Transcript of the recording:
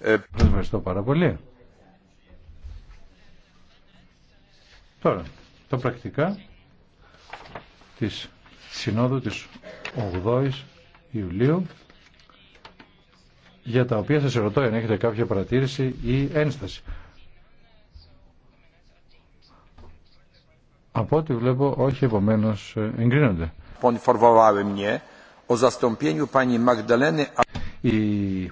Ε, ευχαριστώ πάρα πολύ. Τώρα, τα πρακτικά της Συνόδου της 8ης Ιουλίου για τα οποία σας ρωτώ αν έχετε κάποια παρατήρηση ή ένσταση. Από ό,τι βλέπω, όχι επομένω ε, εγκρίνονται. Η